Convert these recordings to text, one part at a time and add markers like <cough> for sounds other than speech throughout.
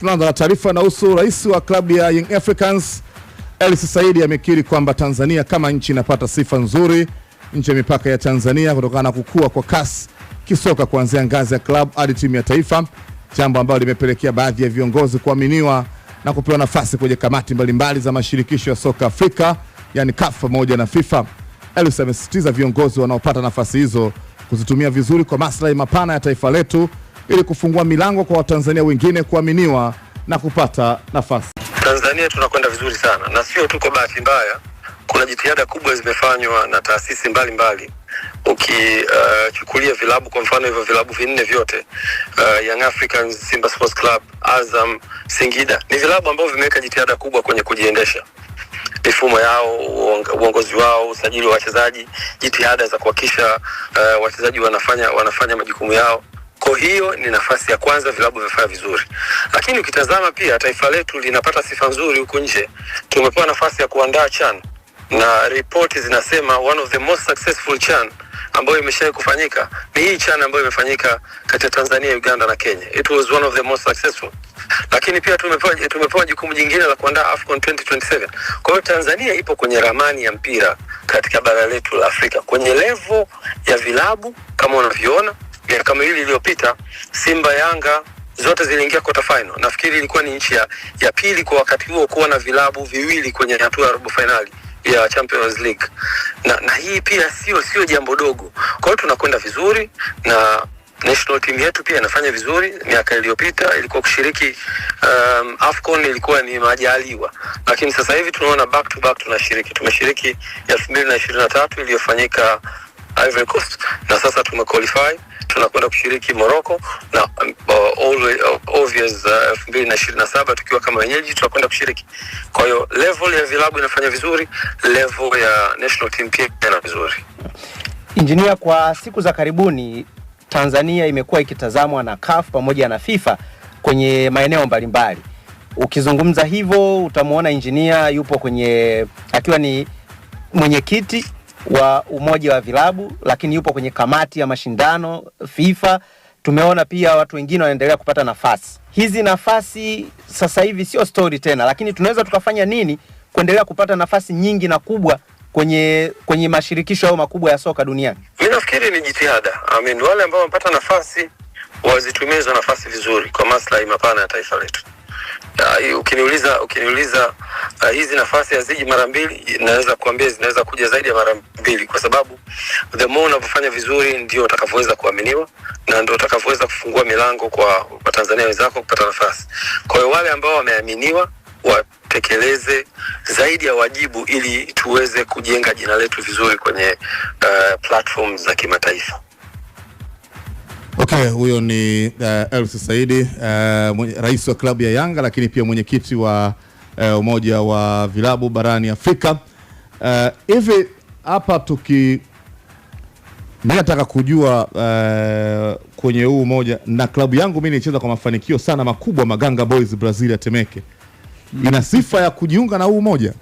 Tunaanza na taarifa inahusu rais wa klabu ya Young Africans Elsi Saidi amekiri kwamba Tanzania kama nchi inapata sifa nzuri nje ya mipaka ya Tanzania kutokana na kukua kwa kasi kisoka kuanzia ngazi ya klabu hadi timu ya taifa, jambo ambalo limepelekea baadhi ya viongozi kuaminiwa na kupewa nafasi kwenye kamati mbalimbali za mashirikisho ya soka Afrika, yani CAF pamoja na FIFA. Elsi amesisitiza viongozi wanaopata nafasi hizo kuzitumia vizuri kwa maslahi mapana ya taifa letu ili kufungua milango kwa Watanzania wengine kuaminiwa na kupata nafasi. Tanzania tunakwenda vizuri sana, na sio tuko bahati mbaya. Kuna jitihada kubwa zimefanywa na taasisi mbalimbali ukichukulia uh, vilabu kwa mfano hivyo vilabu vinne vyote uh, Young Africans, Simba Sports Club, Azam, Singida ni vilabu ambavyo vimeweka jitihada kubwa kwenye kujiendesha mifumo yao, uongozi wao, usajili wa wachezaji, jitihada za kuhakikisha uh, wachezaji wanafanya wanafanya majukumu yao. Kwa hiyo ni nafasi ya kwanza vilabu vimefanya vizuri, lakini ukitazama pia taifa letu linapata sifa nzuri huku nje. Tumepewa nafasi ya kuandaa CHAN na ripoti zinasema one of the most successful CHAN ambayo imeshawai kufanyika ni hii CHAN ambayo imefanyika kati ya Tanzania, Uganda na Kenya. It was one of the most successful. Lakini pia tumepewa tumepewa jukumu jingine la kuandaa AFCON 2027. Kwa hiyo Tanzania ipo kwenye ramani ya mpira katika bara letu la Afrika kwenye levo ya vilabu kama unavyoona miaka miwili iliyopita Simba Yanga zote ziliingia quarter final. Nafikiri ilikuwa ni nchi ya, ya pili kwa wakati huo kuwa na vilabu viwili kwenye hatua ya robo finali ya Champions League na, na hii pia sio sio jambo dogo. Kwa hiyo tunakwenda vizuri na national team yetu pia inafanya vizuri. Miaka iliyopita ilikuwa kushiriki um, AFCON ilikuwa ni majaliwa, lakini sasa hivi tunaona back to back tunashiriki. Tumeshiriki 2023 iliyofanyika Ivory Coast na sasa qualify tunakwenda kushiriki Morocco na uh, all, uh, obvious uh, elfu uh, mbili na ishirini na saba tukiwa kama wenyeji tunakwenda kushiriki. Kwa hiyo level ya vilabu inafanya vizuri, level ya national team pia inafanya vizuri. Injinia, kwa siku za karibuni Tanzania imekuwa ikitazamwa na CAF pamoja na FIFA kwenye maeneo mbalimbali. Ukizungumza hivyo utamwona injinia yupo kwenye akiwa ni mwenyekiti wa umoja wa vilabu, lakini yupo kwenye kamati ya mashindano FIFA. Tumeona pia watu wengine wanaendelea kupata nafasi hizi. Nafasi sasa hivi sio story tena, lakini tunaweza tukafanya nini kuendelea kupata nafasi nyingi na kubwa kwenye kwenye mashirikisho hayo makubwa ya soka duniani? Mimi nafikiri ni jitihada. I mean, wale ambao wamepata nafasi wazitumie hizo nafasi vizuri kwa maslahi mapana ya taifa letu. Uh, ukiniuliza ukiniuliza ah, hizi nafasi haziji mara mbili, naweza kuambia zinaweza kuja zaidi ya mara mbili, kwa sababu the more unavyofanya vizuri ndio utakavyoweza kuaminiwa na ndio utakavyoweza kufungua milango kwa Watanzania wenzako kupata nafasi. Kwa hiyo wale ambao wameaminiwa watekeleze zaidi ya wajibu ili tuweze kujenga jina letu vizuri kwenye uh, platform za kimataifa. Okay, huyo ni uh, Hersi Saidi uh, rais wa klabu ya Yanga lakini pia mwenyekiti wa uh, umoja wa vilabu barani Afrika. Uh, hivi uh, hapa tuki mimi nataka kujua uh, kwenye huu umoja na klabu yangu mimi nilicheza kwa mafanikio sana makubwa Maganga Boys Brazil ya Temeke. Ina sifa ya kujiunga na huu umoja?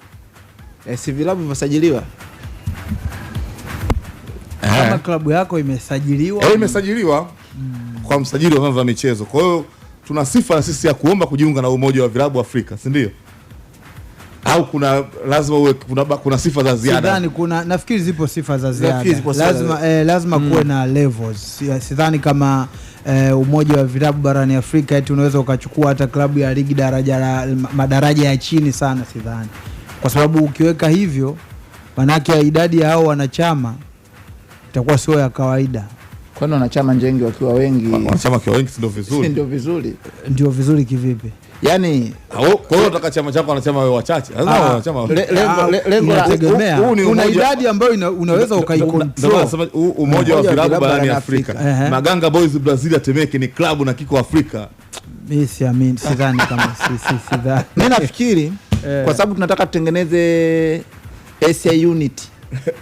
Eh, si vilabu vimesajiliwa? kama eh. klabu yako imesajiliwa eh, imesajiliwa mm. kwa msajili wa vyama vya michezo. Kwa hiyo tuna sifa na sisi ya kuomba kujiunga na umoja wa vilabu Afrika, si ndio? au kuna lazima uwe kuna, kuna sifa za ziada sidhani, kuna nafikiri zipo sifa za ziada lazima, lazima, eh, lazima mm. kuwe na levels sidhani kama eh, umoja wa vilabu barani Afrika eti unaweza ukachukua hata klabu ya ligi daraja la madaraja ya chini sana, sidhani, kwa sababu ukiweka hivyo maanake idadi ya hao wanachama itakuwa sio ya kawaida. Kwani wanachama Njengi wakiwa wengi, wanachama wakiwa wengi ndio vizuri, ndio vizuri, ndio vizuri kivipi? Yani kwa hiyo unataka chama chako wanachama wao ah, wachache. Lengo la kuna idadi ambayo unaweza ukaikontrol. Umoja wa vilabu barani Afrika, Maganga Boys Brazil atemeke ni klabu na kiko Afrika. Mimi siamini, sidhani kama si, si, sidhani. mimi nafikiri eh. kwa sababu tunataka tutengeneze SA unity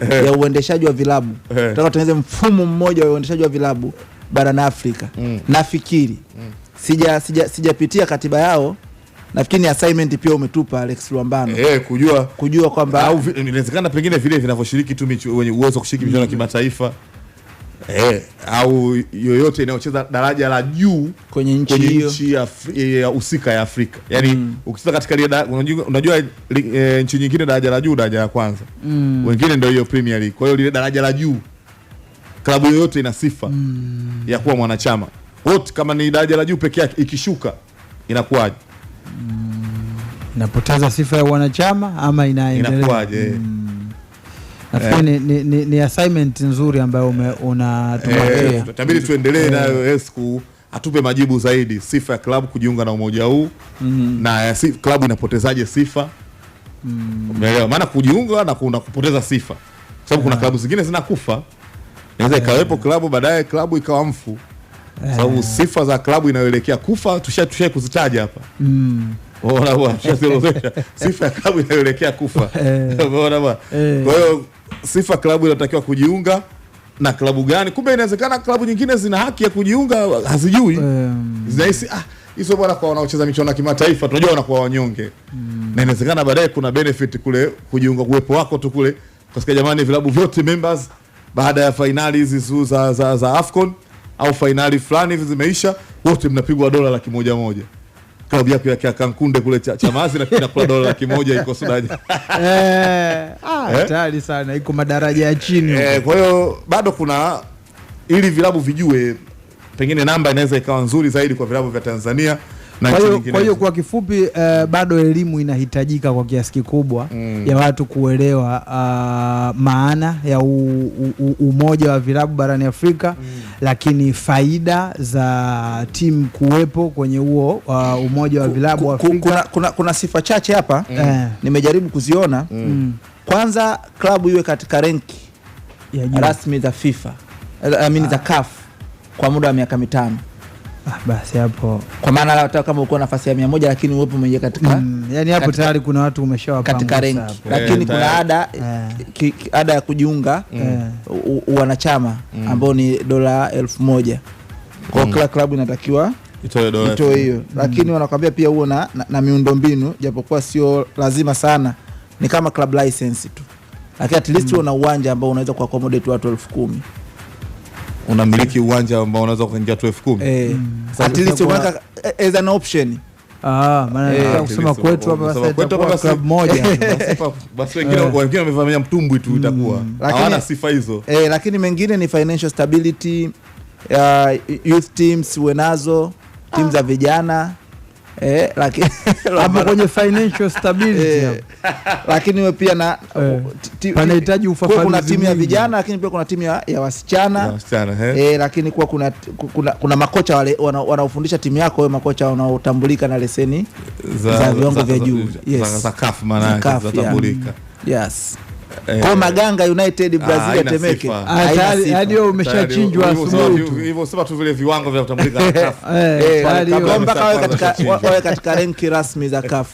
Eh. ya uendeshaji wa vilabu eh. tunataka tutengeneze mfumo mmoja wa uendeshaji wa vilabu barani Afrika mm. Nafikiri mm. sija sijapitia sija katiba yao nafikiri ni assignment pia umetupa Alex Luambano eh, kujua kujua kwamba au inawezekana pengine vile vinavyoshiriki tu wenye uwezo kushiriki michuano mm. kimataifa eh, au yoyote inayocheza daraja la juu kwenye nchi eh, ya husika ya Afrika. Yaani mm. ukicheza katika lile unajua e, nchi nyingine daraja la juu daraja la kwanza mm. wengine ndio hiyo Premier League. Kwa hiyo lile daraja la juu klabu yoyote ina sifa mm. ya kuwa mwanachama wote, kama ni daraja la juu peke yake, ikishuka inakuwaje? mm. inapoteza sifa ya wanachama ama inaendelea inakuwaje? mm. Nafikiri eh, ni, ni, ni assignment nzuri ambayo unatupatia. Eh, eh, tuendelee nayo Esku eh, atupe majibu zaidi, sifa ya klabu kujiunga na umoja huu mm na eh, si, klabu inapotezaje sifa mm Umeelewa maana kujiunga na kuna kupoteza sifa, kwa sababu kuna klabu zingine zinakufa, inaweza ikawepo klabu baadaye klabu ikawa mfu, sababu sifa za klabu inayoelekea kufa tusha tusha kuzitaja hapa mm unaona bwana, tunaziozesha sifa ya klabu inaelekea kufa, unaona <laughs> eh. bwana. Eh. Kwa hiyo sifa klabu inatakiwa kujiunga na klabu gani? Kumbe inawezekana klabu nyingine zina haki ya kujiunga, hazijui eh. zinahisi ah, hizo bwana, kwa wanaocheza michuano ya kimataifa tunajua wanakuwa wanyonge mm. na inawezekana baadaye kuna benefit kule kujiunga, uwepo wako tu kule katika, jamani, vilabu vyote members, baada ya fainali hizi za, za, za Afcon au fainali fulani hivi zimeisha, wote mnapigwa dola laki moja moja klabu yako ya Kankunde kule Chamazi na kinakula dola laki moja iko Sudani. <laughs> Eh, ah, eh? hatari sana, iko madaraja ya chini. Eh, kwa hiyo bado kuna ili vilabu vijue, pengine namba inaweza ikawa nzuri zaidi kwa vilabu vya Tanzania. Kwa hiyo kwa kifupi uh, bado elimu inahitajika kwa kiasi kikubwa mm. ya watu kuelewa uh, maana ya u, u, umoja wa vilabu barani Afrika mm. lakini faida za timu kuwepo kwenye huo uh, umoja wa vilabu Afrika. Kuna, kuna, kuna sifa chache hapa eh. mm. nimejaribu kuziona mm. mm. kwanza klabu iwe katika renki rasmi za FIFA I mean, za ah. CAF kwa muda wa miaka mitano Ah, basi hapo kwa maana hata kama uko nafasi ya mia moja lakini uwepo umeingia katika mm, yani hapo tayari kuna watu umeshawapanga katika renki lakini yeah, kuna ada yeah. ada ya kujiunga eh. wanachama mm. ambao ni dola elfu moja kwa mm. kila klabu inatakiwa itoe hiyo mm. lakini wanakwambia pia huo na, na, na miundombinu japokuwa sio lazima sana ni kama club license tu lakini at least mm. una uwanja ambao unaweza kuaccommodate watu elfu kumi unamiliki uwanja ambao unaweza kuingia tu elfu kumi eh, mm. at least unaweka eh, eh, as an option ah, eh, kusema kwetu hapa club moja <laughs> basi, wengine wamevamia mtumbwi tu, itakuwa mm. hawana sifa hizo eh, lakini mengine ni financial stability, uh, youth teams wenazo, ah. timu za vijana eh, lakini ama <laughs> kwenye financial stability eh, lakini pia na eh, panahitaji ufafanuzi. Kuna timu ya vijana lakini pia kuna timu ya, ya wasichana ya wasichana eh. Eh, lakini kuwa kuna, kuna, kuna makocha wale wanaofundisha timu yako wewe, makocha wanaotambulika na leseni za, za viwango vya juu yes, za, za, za kafu maana za, zinatambulika yes Eh. kwa Maganga United ah, Brazil Temeke, ah, Hadi wewe umeshachinjwa asubuhi tu hivyo, sema tu vile viwango vya kutambulika eh, na CAF eh, mpaka wewe katika wewe katika ranki rasmi za CAF.